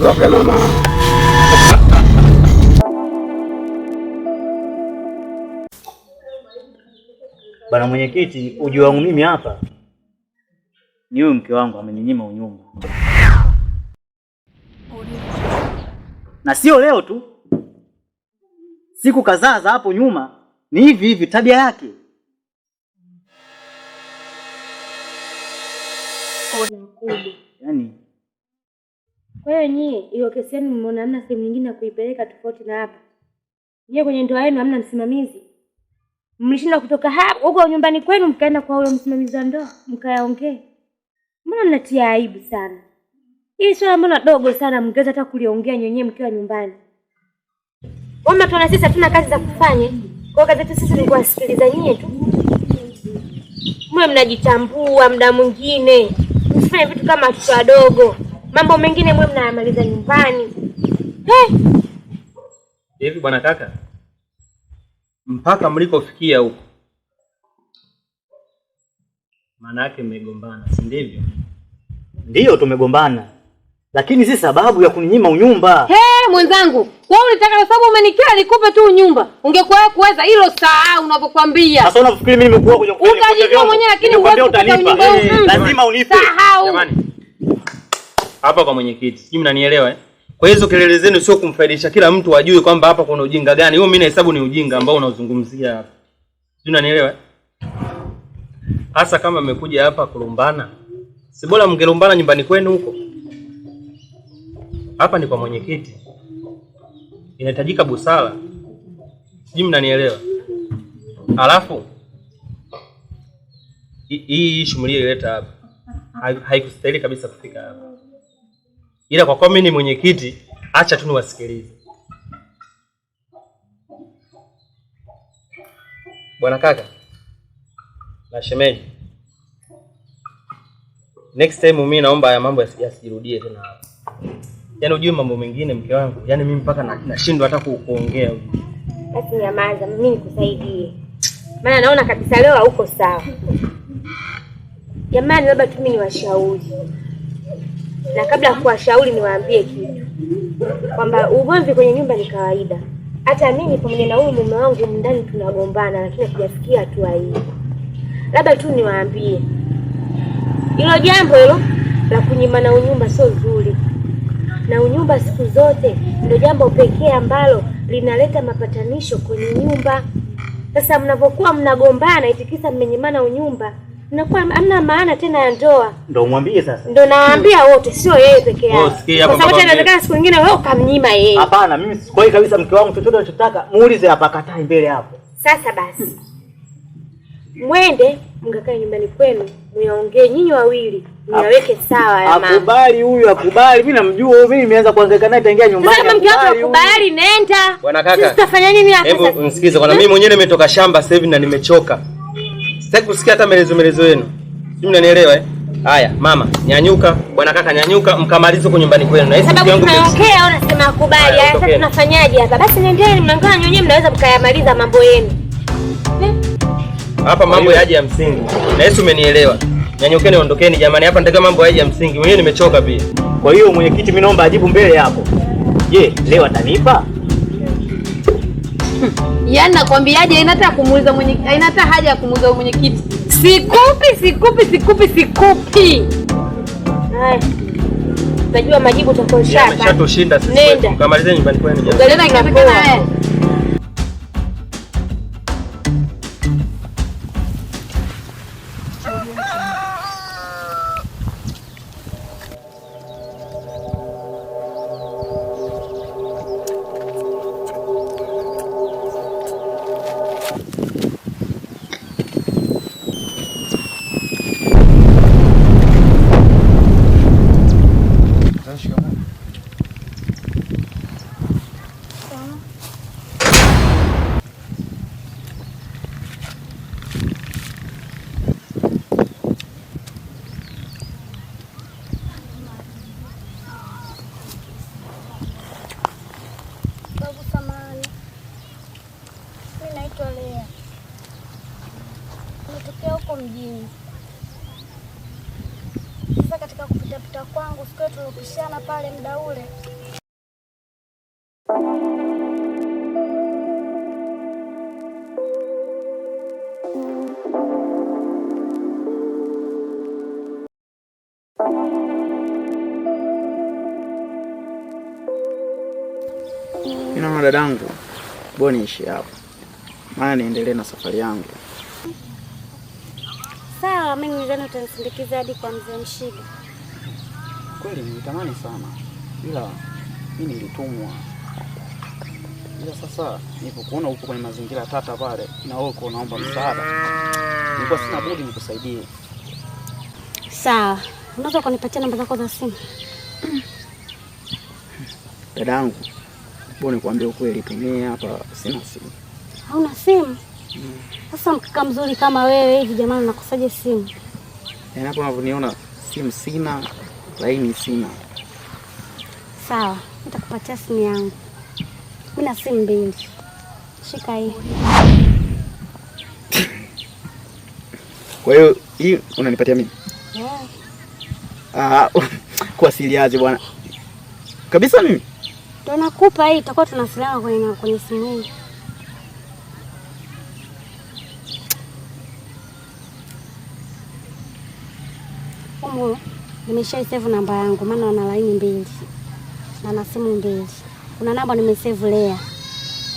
bana mama. Bwana mwenyekiti, ujio wangu mimi hapa ni huyu mke wangu ameninyima unyumba, na sio leo tu, siku kadhaa za hapo nyuma ni hivi hivi tabia yake. Yaani kwa hiyo nyie hiyo kesi yenu mmeona hamna sehemu nyingine ya kuipeleka tofauti na hapa. Nyie kwenye ndoa yenu hamna msimamizi. Mlishinda kutoka hapa huko nyumbani kwenu mkaenda kwa huyo msimamizi wa ndoa mkayaongee. Mbona mnatia aibu sana? Hii swala mbona dogo sana mngeweza hata kuliongea nyenyewe mkiwa nyumbani. Wama tuna sisi hatuna kazi za kufanya. Kwa kazi yetu sisi ni kuwasikiliza nyie tu. Mwe mnajitambua mda mwingine. Msifanye vitu kama watoto wadogo mambo mengine mwe mnayamaliza nyumbani. Hivi bwana kaka, mpaka mlikofikia huko, maana yake mmegombana, si ndivyo? Ndiyo, tumegombana, lakini si sababu ya kuninyima unyumba. Hey, mwenzangu wewe unataka kwa sababu umenikia nikupe tu unyumba. Ungekuwa wewe kuweza hilo saa unavyokuambia. Sasa unafikiri mimi nimekuwa kuja kufanya. Ungajijua mwenyewe lakini uweze kupata unyumba. Lazima unipe. Jamani hapa kwa mwenyekiti, sijui mnanielewa eh? Kwa hizo kelele zenu sio kumfaidisha kila mtu ajue kwamba hapa kuna ujinga gani. Hiyo mimi nahesabu ni ujinga ambao unaozungumzia hapa, sijui unanielewa eh? Hasa kama mmekuja hapa kulumbana, si bora mngelumbana nyumbani kwenu huko. Hapa ni kwa mwenyekiti, inahitajika busara, sijui mnanielewa. Alafu hii ishu mlileta hapa haikustahili kabisa kufika hapa ila kwa kuwa mimi ni mwenyekiti, acha tu niwasikilize. Bwana kaka na shemeji, next time mimi naomba haya mambo yasijirudie tena hapa. Yaani ujue mambo mengine mke wangu, yaani mimi mpaka nashindwa hata kuongea. Basi nyamaza, mimi nikusaidie, maana naona kabisa leo hauko sawa. Jamani, labda tu mimi niwashauri na kabla ya kuwashauri niwaambie kitu kwamba ugomvi kwenye nyumba ni kawaida. Hata mimi pamoja na huyu mume wangu ndani tunagombana, lakini hatujafikia hatua hii. Labda tu niwaambie hilo jambo hilo la kunyimana unyumba sio zuri, na unyumba siku zote ndio jambo pekee ambalo linaleta mapatanisho kwenye nyumba. Sasa mnapokuwa mnagombana itikisa mmenyimana unyumba Nakuwa hamna maana tena ya ndoa. Ndio mwambie sasa. Ndio nawaambia wote, sio yeye peke yake. Oh, sikia hapa. Sababu tena nataka siku nyingine wewe ukamnyima yeye. Hapana, mimi sikoi kabisa mke wangu chochote anachotaka, muulize hapa katai mbele hapo. Sasa basi. Mwende mkakae nyumbani kwenu, mwaongee nyinyi wawili, mwaweke sawa ya mama. Akubali huyu akubali, mimi namjua huyu, mimi nimeanza kuhangaika naye tangia nyumbani. Sasa mke wako akubali, nenda. Bwana kaka. Sisi tutafanya nini hapa sasa? Hebu msikize, kwa mimi mwenyewe nimetoka shamba sasa hivi na nimechoka. Sitaki kusikia hata maelezo maelezo yenu. Sijui mnanielewa eh? Haya, mama, nyanyuka, bwana kaka nyanyuka, mkamalize huko nyumbani kwenu. Na hisi yangu pia. Okay, au nasema akubali? Haya, sasa tunafanyaje hapa? Basi nendeni, mnangana nyonyewe, mnaweza mkayamaliza mambo yenu. Hapa mambo yaje ya msingi. Na hisi umenielewa. Nyanyukeni, ondokeni jamani, hapa nataka mambo yaje ya msingi. Mwenyewe nimechoka pia. Kwa hiyo mwenyekiti, mimi naomba ajibu mbele hapo. Je, leo atanipa? Hmm. Yaani nakwambiaje, inata kumuuliza mwenye inata haja ya kumuuliza mwenyekiti. Sikupi, sikupi, sikupi, sikupi. Hai. Najua majibu utakoshata. Yaani Nenda. Kamalizeni nyumbani kwenu. Ndio inakana haya. kujitafuta kwangu, siku tulipishana pale muda ule. Inama dadangu, boni ishi hapa, maana niendelee na safari yangu. Sawa, mimi nadhani utanisindikiza hadi kwa mzee Mshiga kweli nilitamani sana, ila mimi nilitumwa. Ila sasa nilipokuona upo kwenye mazingira tata pale na wewe uko naomba msaada, nilikuwa sina budi nikusaidie. Sawa, unaweza kunipatia namba zako za simu? Dadangu, mbona nikwambia ukweli, tumie hapa sina simu. Hauna simu? Mm. Sasa hmm, mkaka mzuri kama wewe hivi, jamani, nakosaje simu? Yaani hapo unavyoniona simu sina laini sina. Sawa, nitakupatia simu yangu. Mimi na simu mbili, shika hii. Kwa hiyo hii unanipatia mimi? Yeah. Ah, kuwasiliaje bwana kabisa mimi ndio nakupa hii, tutakuwa tunasiliana kwenye kwenye simu hii. Umbu. Nimeshaisevu namba yangu, maana wana laini mbili na na simu mbili. Kuna namba nimesevu Lea,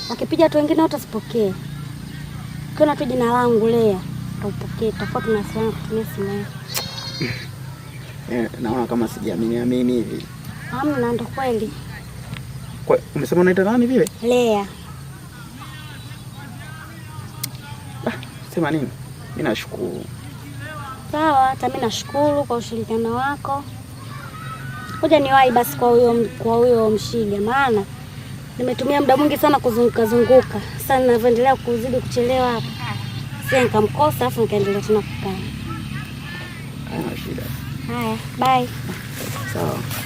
wakipiga tu wengine utasipokee. Ukiona tu jina langu Lea utaupokee, tutakuwa tunawasiliana kutumia simu yako. Eh, naona kama sijaamini amini hivi. Hamna, ndo kweli. Kwa umesema unaita nani vile? Lea. Ah, sema nini? Mimi nashukuru. Sawa, hata mimi nashukuru kwa ushirikiano wako. Ngoja niwahi basi kwa huyo kwa huyo mshiga, maana nimetumia muda mwingi sana kuzunguka zunguka. Sasa ninavyoendelea kuzidi kuchelewa hapa, sasa nikamkosa, afu nikaendelea tena kukaa. Haya, bye. Sawa.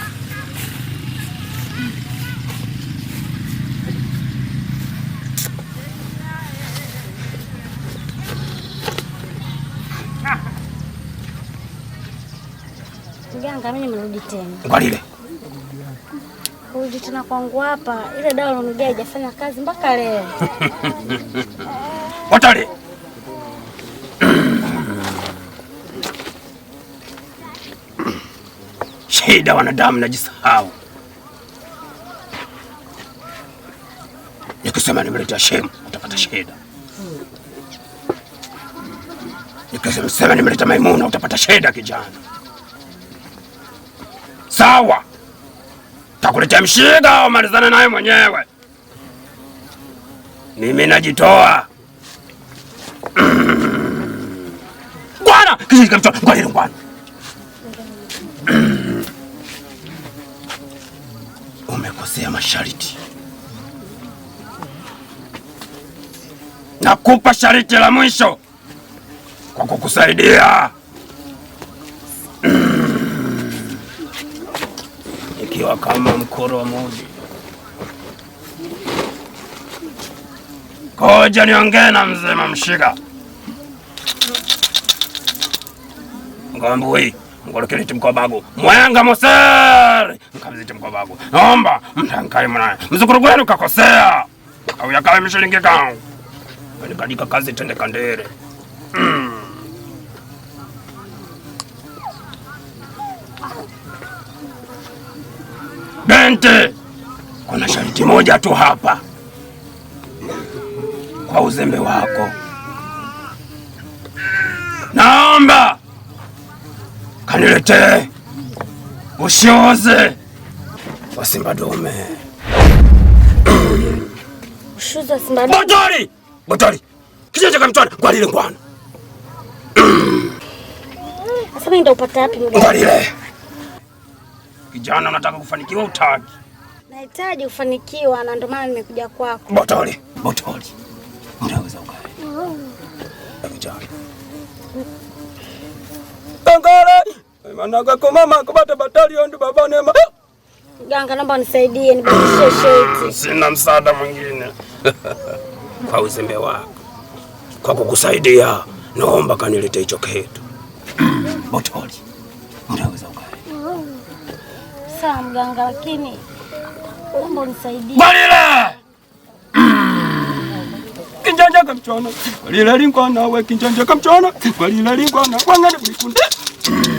Tanga, mimi nimerudi tena kwa lile kurudi tena kwangu hapa. Ile dawa lomija haijafanya kazi mpaka leo watale shida, wanadamu najisahau, nikisema nimeleta shemu utapata shida nikisema nimeleta Maimuna utapata shida, kijana. Sawa, takuletea mshiga, umalizane naye mwenyewe. Mimi najitoa bwana. Kishika mchoro Umekosea mashariti, nakupa shariti la mwisho kwa kukusaidia ukiwa kama mkoro wa mudi. Koja niongee na mzee Mamshiga ngambui ngolokiliti mkobagu mwenga moseri nkabiziti mkobagu nomba mtankai mnaye mzukuru gwenu kakosea au yakawe mishilingi kangu kanikadika kazi tende kandere mm. Asante. Kuna sharti moja tu hapa, kwa uzembe wako naomba kaniletee ushoze wa simba dume. Ushoze wa simba dume. Botori! Botori! Kisha chaka mtwana, ngwalile ngwana. Sasa ndo upata api wapi ngwalile? Kijana, unataka kufanikiwa utaki? Nahitaji kufanikiwa na ndio maana nimekuja kwako. Botoli, botoli. Unaweza ukae. Kijana. Tangara. maana kwa mama kubata batali ndio baba nema. Ganga, naomba unisaidie nibadilishe sheti. Sina msaada mwingine. Kwa uzembe wako. Kwa kukusaidia, naomba kanilete hicho kitu. Botoli sawa mganga, lakini omba unisaidie. Balila kinjanja kamchona balila lingwana we kinjanja kamchona balila lingwana wangani kulikunde